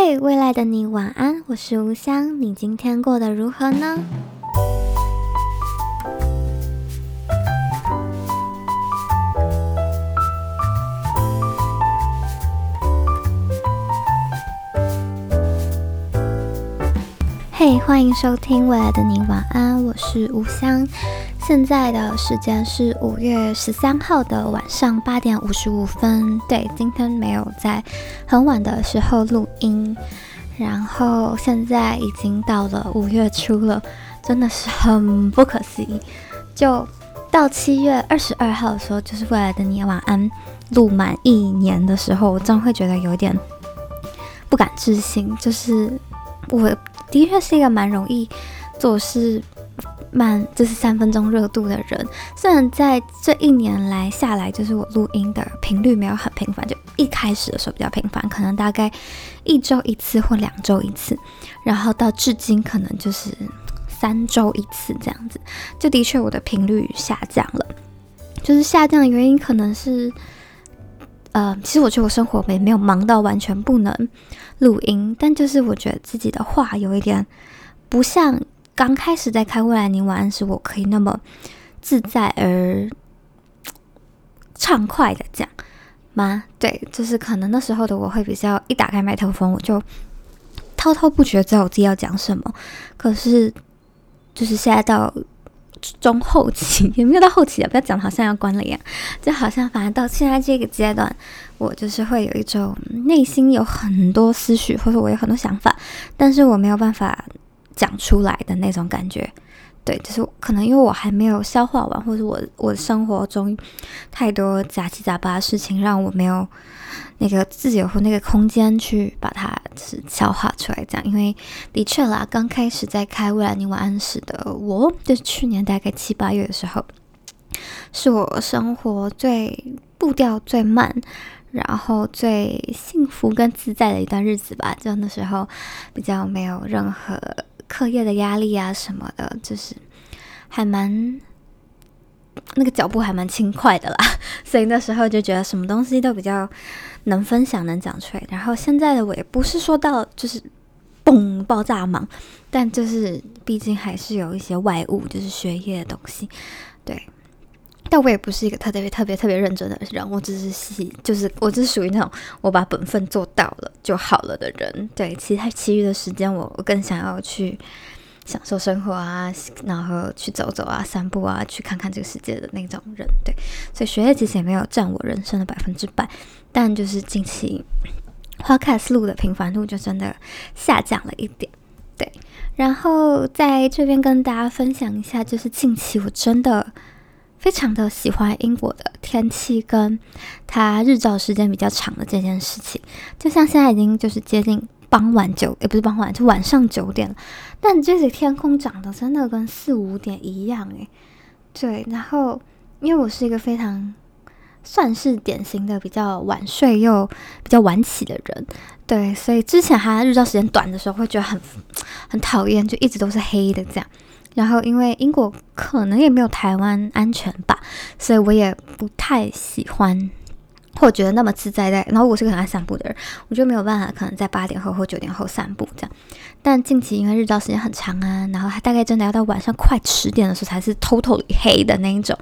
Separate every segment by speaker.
Speaker 1: 嘿，hey，未來的你晚安，我是吳香，你今天過得如何呢？嘿，hey，歡迎收聽未來的你晚安，我是吳香。現在的時間是五月十三號的晚上八點五十五分。對，今天沒有在很晚的時候錄音，然後現在已經到了五月初了，真的是很不可思議。就到七月二十二號的時候，就是未來的你晚安錄滿一年的時候，我真的會覺得有點不敢置信。就是我的確是一個蠻容易做事。慢就是三分鐘熱度的人。雖然在這一年來下來，就是我錄音的頻率沒有很頻繁，就一開始的時候比較頻繁，可能大概一周一次或兩周一次，然後到至今可能就是三周一次這樣子。就的確我的頻率下降了，就是下降的原因可能是，呃，其實我覺得我生活沒沒有忙到完全不能錄音，但就是我覺得自己的話有一點不像。剛開始在開未來你玩時，我可以那麼自在而暢快的講嗎？對，就是可能那時候的我會比較一打開麥克風我就滔滔不絕，知道我自己要講什麼。可是就是現在到中後期，有沒有到後期了？不要講，好像要關了呀！就好像反而到現在這個階段，我就是會有一種內心有很多思緒，或者我有很多想法，但是我沒有辦法。講出來的那種感覺，對，就是可能因為我還沒有消化完，或者我我生活中太多雜七雜八的事情，讓我沒有那個自由和那個空間去把它就是消化出來講。因為的確啦，剛開始在開未來你晚安時的我，就去年大概七八月的時候，是我生活最步調最慢，然後最幸福跟自在的一段日子吧。就那時候比較沒有任何。課業的壓力啊什麼的，就是還蠻那個腳步還蠻輕快的啦，所以那時候就覺得什麼東西都比較能分享能講出來。然後現在的我也不是說到就是嘣爆炸嘛，但就是畢竟還是有一些外物，就是學業的東西，對。但我也不是一個特別特別特別認真的人，我只是系就是、就是、我，只是屬於那種我把本分做到了就好了的人。對，其他其餘的時間，我我更想要去享受生活啊，然後去走走啊，散步啊，去看看這個世界的那種人。對，所以學業其實也沒有佔我人生的百分之百，但就是近期花 c 思路的頻繁度就真的下降了一點。對，然後在這邊跟大家分享一下，就是近期我真的。非常的喜歡英國的天氣跟它日照時間比較長的這件事情，就像現在已經就是接近傍晚九，也、欸、不是傍晚，就晚上九點了。但就是天空長得真的跟四五點一樣誒、欸。對。然後因為我是一個非常算是典型的比較晚睡又比較晚起的人，對，所以之前它日照時間短的時候會覺得很很討厭，就一直都是黑的這樣。然後，因為英國可能也沒有台灣安全吧，所以我也不太喜歡，或覺得那麼自在的。然後，我是個很愛散步的人，我就沒有辦法，可能在八點後或九點後散步這樣。但近期因為日照時間很長啊，然後它大概真的要到晚上快十點的時候才是 totally 黑的那一種，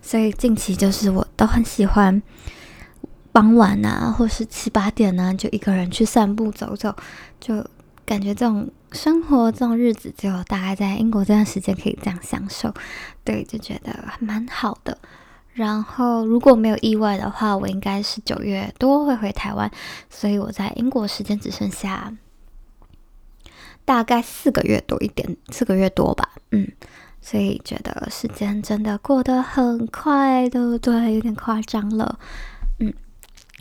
Speaker 1: 所以近期就是我都很喜歡傍晚啊，或是七八點呢、啊，就一個人去散步走走，就感覺這種。生活這種日子就大概在英國這段時間可以這樣享受，對，就覺得還蠻好的。然後如果沒有意外的話，我應該是九月多會回台灣，所以我在英國時間只剩下大概四個月多一點，四個月多吧。嗯，所以覺得時間真的過得很快的，都對，有點誇張了。嗯，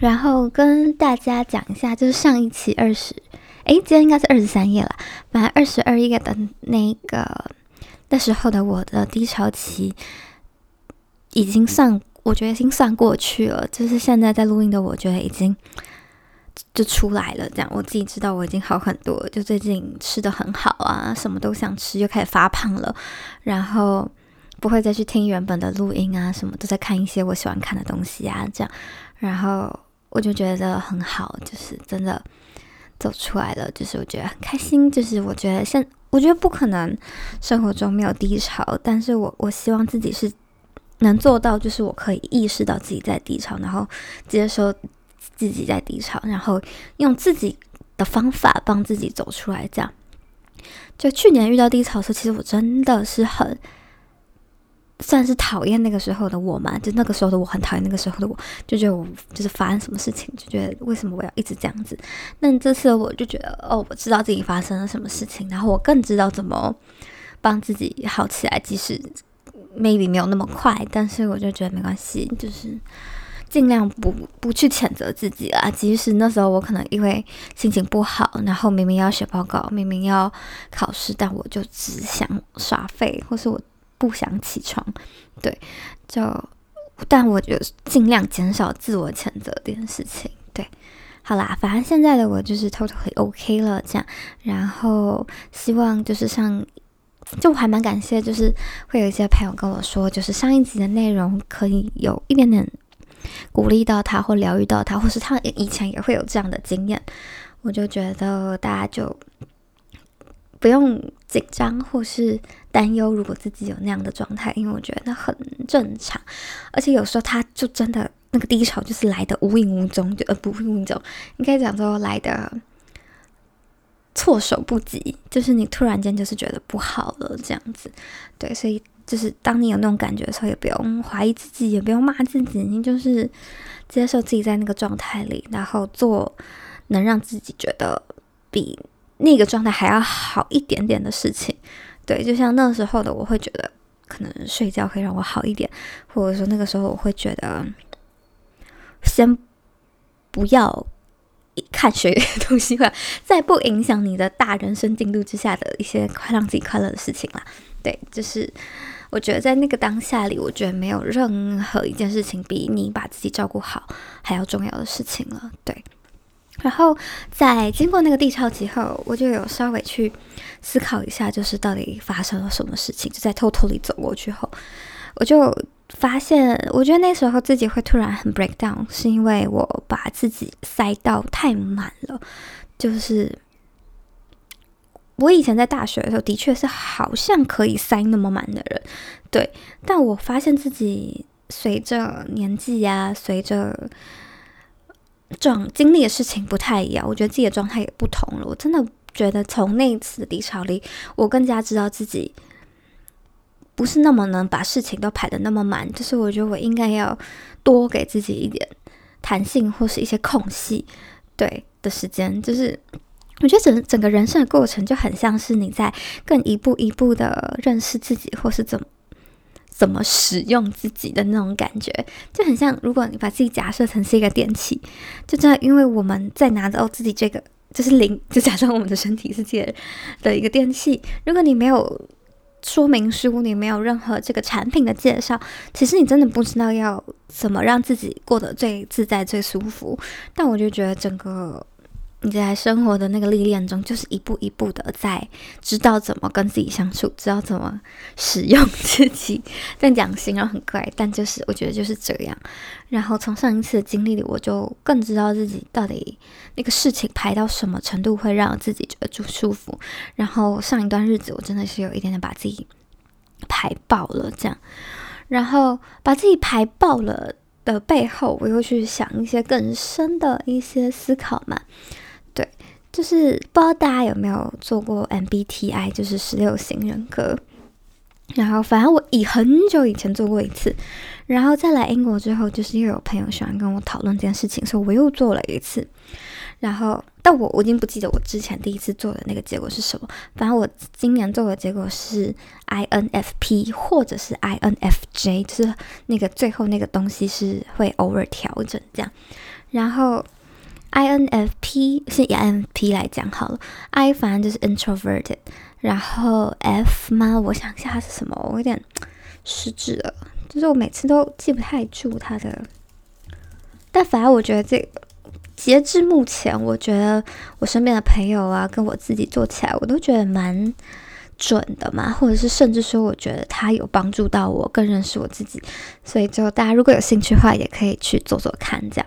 Speaker 1: 然後跟大家講一下，就是上一期二十。哎，今天應該是二十三夜了。本來二十二夜的那一個那時候的我的低潮期已經算，我覺得已經算過去了。就是現在在錄音的，我覺得已經就出來了。這樣我自己知道我已經好很多，就最近吃的很好啊，什麼都想吃，又開始發胖了。然後不會再去聽原本的錄音啊，什麼都在看一些我喜歡看的東西啊，這樣。然後我就覺得很好，就是真的。走出來了，就是我覺得很開心。就是我覺得，現我覺得不可能生活中沒有低潮，但是我我希望自己是能做到，就是我可以意識到自己在低潮，然後接受自己在低潮，然後用自己的方法幫自己走出來。這樣，就去年遇到低潮的時候，其實我真的是很。算是討厭那個時候的我嘛，就那個時候的我很討厭那個時候的我，就覺得我就是發生什麼事情，就覺得為什麼我要一直這樣子。那這次我就覺得，哦，我知道自己發生了什麼事情，然後我更知道怎麼幫自己好起來。即使 maybe 沒有那麼快，但是我就覺得沒關係，就是盡量不不去譴責自己啊。即使那時候我可能因為心情不好，然後明明要寫報告，明明要考試，但我就只想耍廢，或是我。不想起床，對，就但我覺得盡量減少自我譴責這件事情，對，好啦，反正現在的我就是 totally okay 了這樣，然後希望就是像，就我還蠻感謝，就是會有一些朋友跟我說，就是上一集的內容可以有一點點鼓勵到他或療癒到他，或是他以前也會有這樣的經驗，我就覺得大家就不用緊張或是。擔憂，如果自己有那樣的狀態，因為我覺得那很正常，而且有時候他就真的那個低潮就是來的無影無蹤，就呃，不無影無蹤，應該講說來的措手不及，就是你突然間就是覺得不好了這樣子，對，所以就是當你有那種感覺的時候，也不用懷疑自己，也不用罵自己，你就是接受自己在那個狀態裡，然後做能讓自己覺得比那個狀態還要好一點點的事情。對，就像那時候的我會覺得，可能睡覺會讓我好一點，或者說那個時候我會覺得，先不要看學東西吧，在不影響你的大人生進度之下的一些快讓自己快樂的事情啦。對，就是我覺得在那個當下裡，我覺得沒有任何一件事情比你把自己照顧好還要重要的事情了。對。然後在經過那個低潮期後，我就有稍微去思考一下，就是到底發生了什麼事情。就在偷偷里走過去後，我就發現，我覺得那時候自己會突然很 break down，是因為我把自己塞到太滿了。就是我以前在大學的時候，的確是好像可以塞那麼滿的人，對。但我發現自己隨着年紀呀、啊，隨着這種經歷的事情不太一樣，我覺得自己的狀態也不同了。我真的覺得從那一次的離巢裡，我更加知道自己不是那麼能把事情都排得那麼滿。就是我覺得我應該要多給自己一點彈性或是一些空隙，對的時間。就是我覺得整整個人生的過程就很像是你在更一步一步的認識自己，或是怎麼。怎麼使用自己的那種感覺，就很像如果你把自己假設成是一個電器，就真因為我們在拿到自己這個就是零，就假裝我們的身體是介的一個電器。如果你沒有說明書，你沒有任何這個產品的介紹，其實你真的不知道要怎麼讓自己過得最自在、最舒服。但我就覺得整個。你在生活的那個歷練中，就是一步一步的在知道怎麼跟自己相處，知道怎麼使用自己。但講形容很怪，但就是我覺得就是這樣。然後從上一次的經歷裡，我就更知道自己到底那個事情排到什麼程度會讓我自己覺得就舒服。然後上一段日子，我真的是有一點點把自己排爆了，這樣。然後把自己排爆了的背後，我又去想一些更深的一些思考嘛。就是不知道大家有沒有做過 MBTI，就是十六型人格。然後，反正我以很久以前做過一次，然後再來英國之後，就是又有朋友喜歡跟我討論這件事情，所以我又做了一次。然後，但我我已經不記得我之前第一次做的那個結果是什麼。反正我今年做的結果是 INFP 或者是 INFJ，就是那個最後那個東西是會偶爾調整這樣。然後。I N F P 是 INFP 來講好了，I 反正就是 introverted，然後 F 嗎？我想一下它是什麼，我有點失智了，就是我每次都記不太住它的。但反而我覺得這個，截至目前，我覺得我身邊的朋友啊，跟我自己做起來，我都覺得蠻準的嘛。或者是甚至說，我覺得它有幫助到我，更認識我自己。所以就大家如果有興趣的話，也可以去做做看，這樣。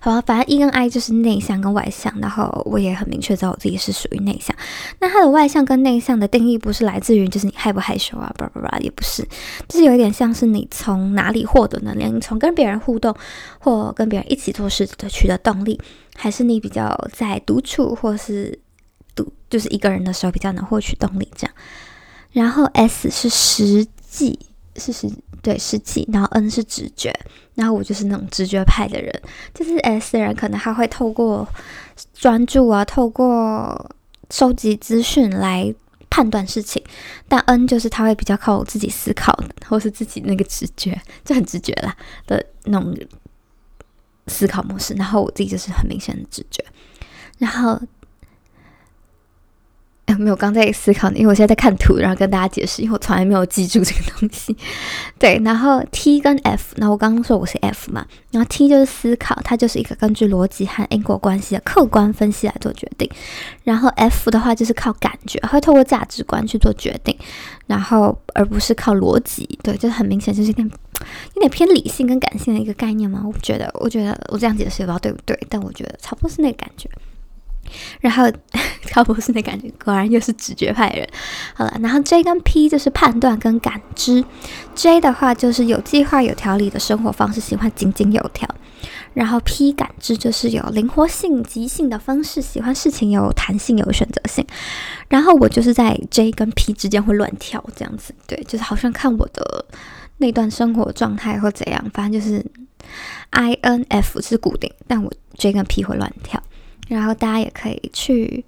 Speaker 1: 好吧，反正 E 跟 I 就是內向跟外向，然後我也很明確知道我自己是屬於內向。那它的外向跟內向的定義不是來自於就是你害不害羞啊，叭叭叭也不是，就是有一點像是你從哪裡獲得能量，你從跟別人互動或跟別人一起做事的取得動力，還是你比較在獨處或是獨就是一個人的時候比較能獲取動力這樣。然後 S 是實際是實際。對，是記，然後 N 是直覺，然後我就是那種直覺派的人，就是 S 人可能他會透過專注啊，透過收集資訊來判斷事情，但 N 就是他會比較靠我自己思考的，或是自己那個直覺，就很直覺啦的那種思考模式，然後我自己就是很明顯的直覺，然後。沒有，我剛在思考呢，因為我現在在看圖，然後跟大家解釋，因為我從來沒有記住這個東西。對，然後 T 跟 F，那我剛剛說我是 F 嘛，然後 T 就是思考，它就是一個根據邏輯和因果關係的客觀分析來做決定，然後 F 的話就是靠感覺，會透過價值觀去做決定，然後而不是靠邏輯。對，就是很明顯就是有點有點偏理性跟感性的一個概念嘛。我覺得，我覺得我這樣解釋也不知道對不對，但我覺得差不多是那個感覺。然後，高博士的感覺果然又是直覺派人。好了，然後 J 跟 P 就是判斷跟感知。J 的話就是有計劃、有條理的生活方式，喜歡井井有條。然後 P 感知就是有靈活性、即興的方式，喜歡事情有彈性、有選擇性。然後我就是在 J 跟 P 之間會亂跳，這樣子。對，就是好像看我的那段生活狀態或怎樣，反正就是 INF 是固定，但我 J 跟 P 會亂跳。然後大家也可以去，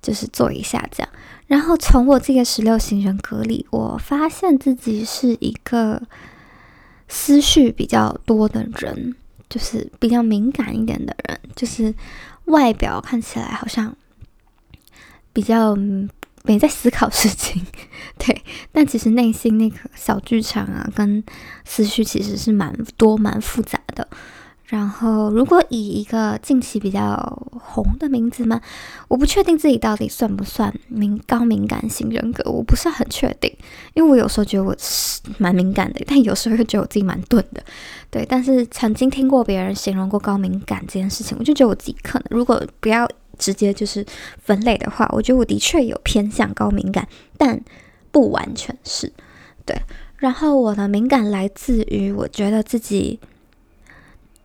Speaker 1: 就是做一下這樣。然後從我這個十六型人格裡，我發現自己是一個思緒比較多的人，就是比較敏感一點的人，就是外表看起來好像比較沒在思考事情，對。但其實內心那個小劇場啊，跟思緒其實是蠻多、蠻複雜的。然後，如果以一個近期比較紅的名字嘛，我不確定自己到底算不算敏高敏感型人格，我不是很確定，因為我有時候覺得我是蠻敏感的，但有時候又覺得我自己蠻鈍的。對，但是曾經聽過別人形容過高敏感這件事情，我就覺得我自己可能，如果不要直接就是分類的話，我覺得我的確有偏向高敏感，但不完全是。對，然後我的敏感來自於我覺得自己。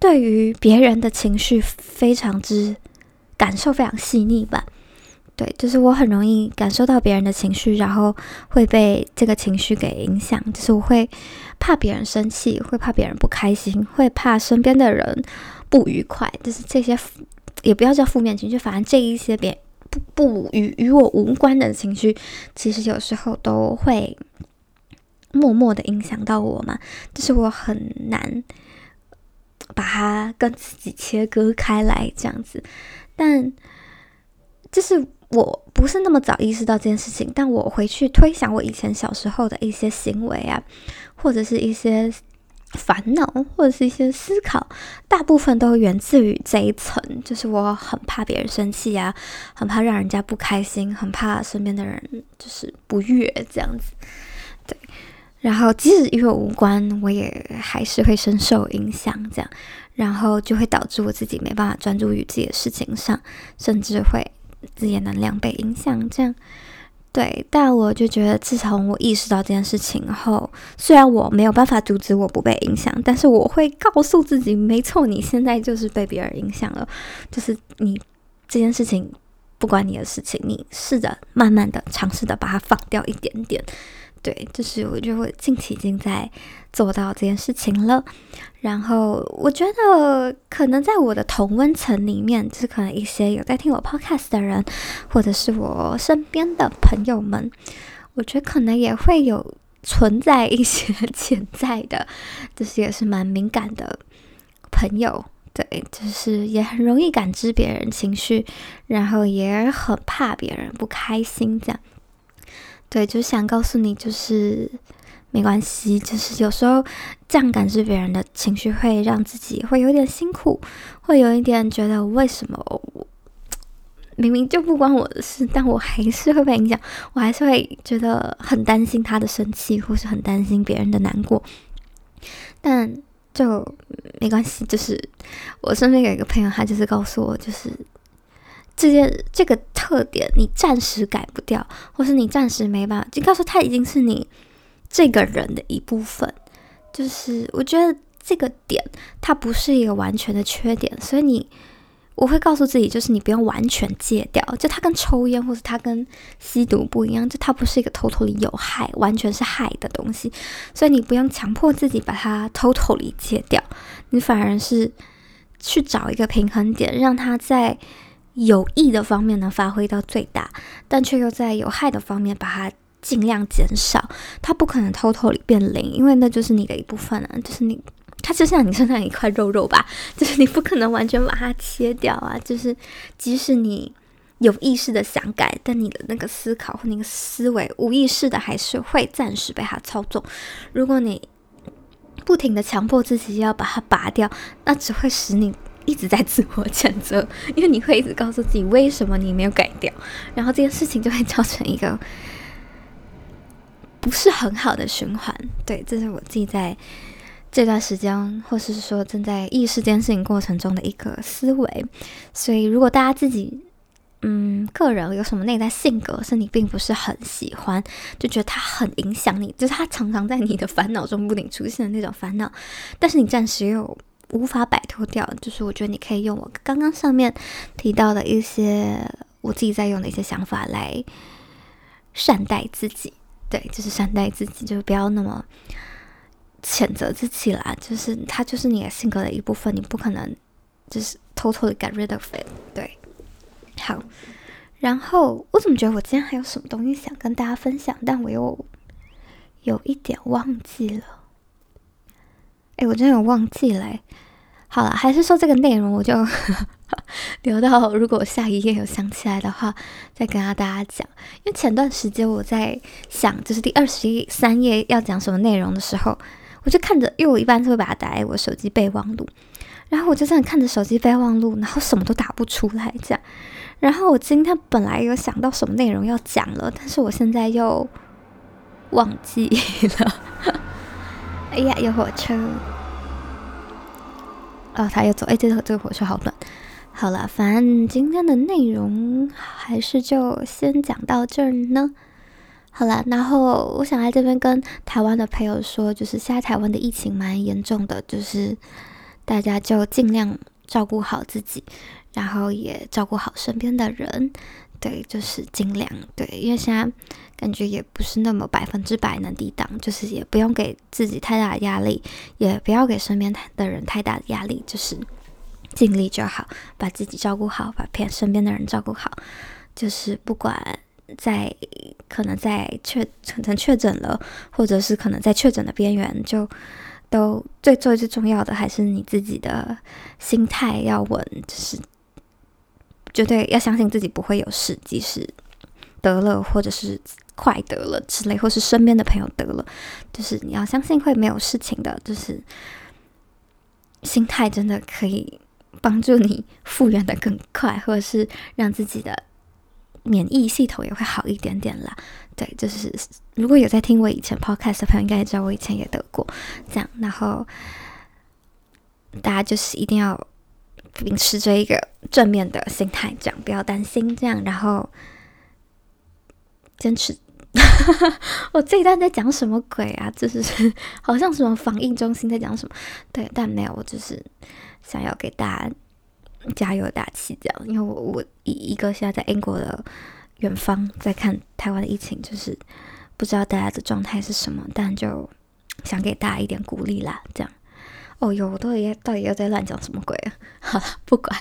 Speaker 1: 對於別人的情緒非常之感受非常細膩吧？對，就是我很容易感受到別人的情緒，然後會被這個情緒給影響。就是我會怕別人生氣，會怕別人不開心，會怕身邊的人不愉快。就是這些也不要叫負面情緒，反正這一些別人不不與與我無關的情緒，其實有時候都會默默的影響到我嘛。就是我很難。把它跟自己切割開來，這樣子。但就是我不是那麼早意識到這件事情，但我回去推想我以前小時候的一些行為啊，或者是一些煩惱，或者是一些思考，大部分都源自於這一層，就是我很怕別人生氣啊，很怕讓人家不開心，很怕身邊的人就是不悅，這樣子，對。然後，即使與我無關，我也還是會深受影響。這樣，然後就會導致我自己沒辦法專注於自己的事情上，甚至會自己的能量被影響。這樣，對。但我就覺得，自從我意識到這件事情後，雖然我沒有辦法阻止我不被影響，但是我會告訴自己，沒錯，你現在就是被別人影響了。就是你這件事情不關你的事情，你試着慢慢的嘗試的把它放掉一點點。對，就是我就會我近期已經在做到這件事情了。然後我覺得可能在我的同溫層裡面，就是可能一些有在聽我 podcast 的人，或者是我身邊的朋友們，我覺得可能也會有存在一些潛在的，就是也是蠻敏感的朋友。對，就是也很容易感知別人情緒，然後也很怕別人不開心這樣。對，就想告訴你，就是沒關係，就是有時候這樣感知別人的情緒，會讓自己會有點辛苦，會有一點覺得為什麼我明明就不關我的事，但我還是會被影響，我還是會覺得很擔心他的生氣，或是很擔心別人的難過。但就沒關係，就是我身邊有一個朋友，他就是告訴我，就是。這些這個特點，你暫時改不掉，或是你暫時沒辦法，就告訴他，已經是你這個人的一部分。就是我覺得這個點它不是一個完全的缺點，所以你我會告訴自己，就是你不用完全戒掉。就它跟抽煙或是它跟吸毒不一樣，就它不是一個 totally 有害，完全是害的東西，所以你不用強迫自己把它 totally 戒掉，你反而是去找一個平衡點，讓它在。有益的方面能發揮到最大，但卻又在有害的方面把它儘量減少。它不可能偷偷裡變零，因為那就是你的一部分呢、啊，就是你，它就像你身上一塊肉肉吧，就是你不可能完全把它切掉啊。就是即使你有意識的想改，但你的那個思考和那個思維無意識的還是會暫時被它操縱。如果你不停地強迫自己要把它拔掉，那只會使你。一直在自我譴責，因為你會一直告訴自己為什麼你沒有改掉，然後這件事情就會造成一個不是很好的循環。對，這是我自己在這段時間，或是說正在意識這件事情過程中的一個思維。所以，如果大家自己嗯，個人有什麼內在性格是你並不是很喜歡，就覺得它很影響你，就是它常常在你的煩惱中不停出現的那種煩惱，但是你暫時又。無法擺脫掉，就是我覺得你可以用我剛剛上面提到的一些我自己在用的一些想法來善待自己，對，就是善待自己，就是不要那麼譴責自己啦，就是它就是你的性格的一部分，你不可能就是 totally get rid of it，對。好，然後我怎麼覺得我今天還有什麼東西想跟大家分享，但我又有一點忘記了。哎、欸，我真的有忘記了。好了，還是說這個內容，我就留 到如果下一夜有想起來的話，再跟大家講。因為前段時間我在想，就是第二十三夜要講什麼內容的時候，我就看着，因為我一般是會把它打在，我手機備忘錄，然後我就這樣看着手機備忘錄，然後什麼都打不出來，這樣。然後我今天本來有想到什麼內容要講了，但是我現在又忘記了。 哎呀，有火車。哦，他又走。哎，這個這個火車好短。好了，反正今天的內容還是就先講到這兒呢。好了，然後我想來這邊跟台灣的朋友說，就是現在台灣的疫情蠻嚴重的，就是大家就盡量照顧好自己，然後也照顧好身邊的人。對，就是盡量。對，因為現在感覺也不是那麼百分之百能抵擋，就是也不用給自己太大的壓力，也不要給身邊的人太大的壓力，就是盡力就好，把自己照顧好，把身邊的人照顧好，就是不管在可能在確可能確診了，或者是可能在確診的邊緣，就都最最最重要的還是你自己的心態要穩，就是。絕對要相信自己不會有事，即使得了或者是快得了之類，或是身邊的朋友得了，就是你要相信會沒有事情的。就是心態真的可以幫助你復原的更快，或者是讓自己的免疫系統也會好一點點啦。對，就是如果有在聽我以前 podcast 的朋友，應該也知道我以前也得過這樣。然後大家就是一定要。秉持着一個正面的心態，這樣不要擔心，這樣然後堅持呵呵。我這一段在講什麼鬼啊？就是好像什麼防疫中心在講什麼？對，但沒有，我只是想要給大家加油打氣，這樣。因為我我一一個現在在英國的遠方，在看台灣的疫情，就是不知道大家的狀態是什麼，但就想給大家一點鼓勵啦，這樣。哦喲，我到底要到底要在亂講什麼鬼啊？好了，不管。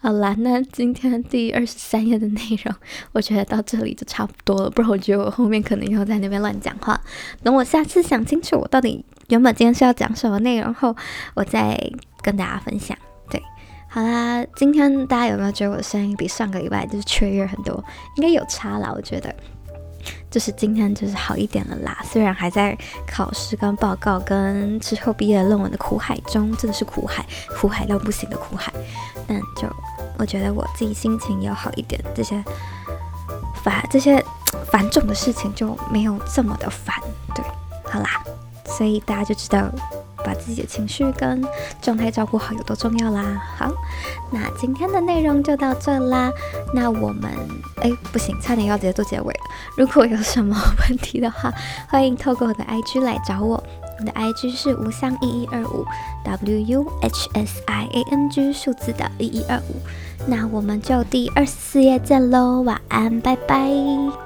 Speaker 1: 好啦，那今天第二十三夜的內容，我覺得到這裡就差不多了。不然我覺得我後面可能又在那邊亂講話。等我下次想清楚我到底原本今天是要講什麼內容後，我再跟大家分享。對，好啦，今天大家有沒有覺得我的聲音比上個禮拜就是雀躍很多？應該有差啦，我覺得。就是今天就是好一點了啦，雖然還在考試跟報告跟之後畢業論文的苦海中，真的是苦海，苦海到不行的苦海。但就我覺得我自己心情要好一點，這些煩、這些繁重的事情就沒有這麼的煩，對，好啦，所以大家就知道。把自己的情緒跟狀態照顧好有多重要啦！好，那今天的內容就到這啦。那我們哎，不行，差點要直接做結尾了。如果有什麼問題的話，歡迎透過我的 IG 來找我。我的 IG 是無相一一二五 W U H S I A N G 數字的一一二五。那我們就第二十四夜見嘍，晚安，拜拜。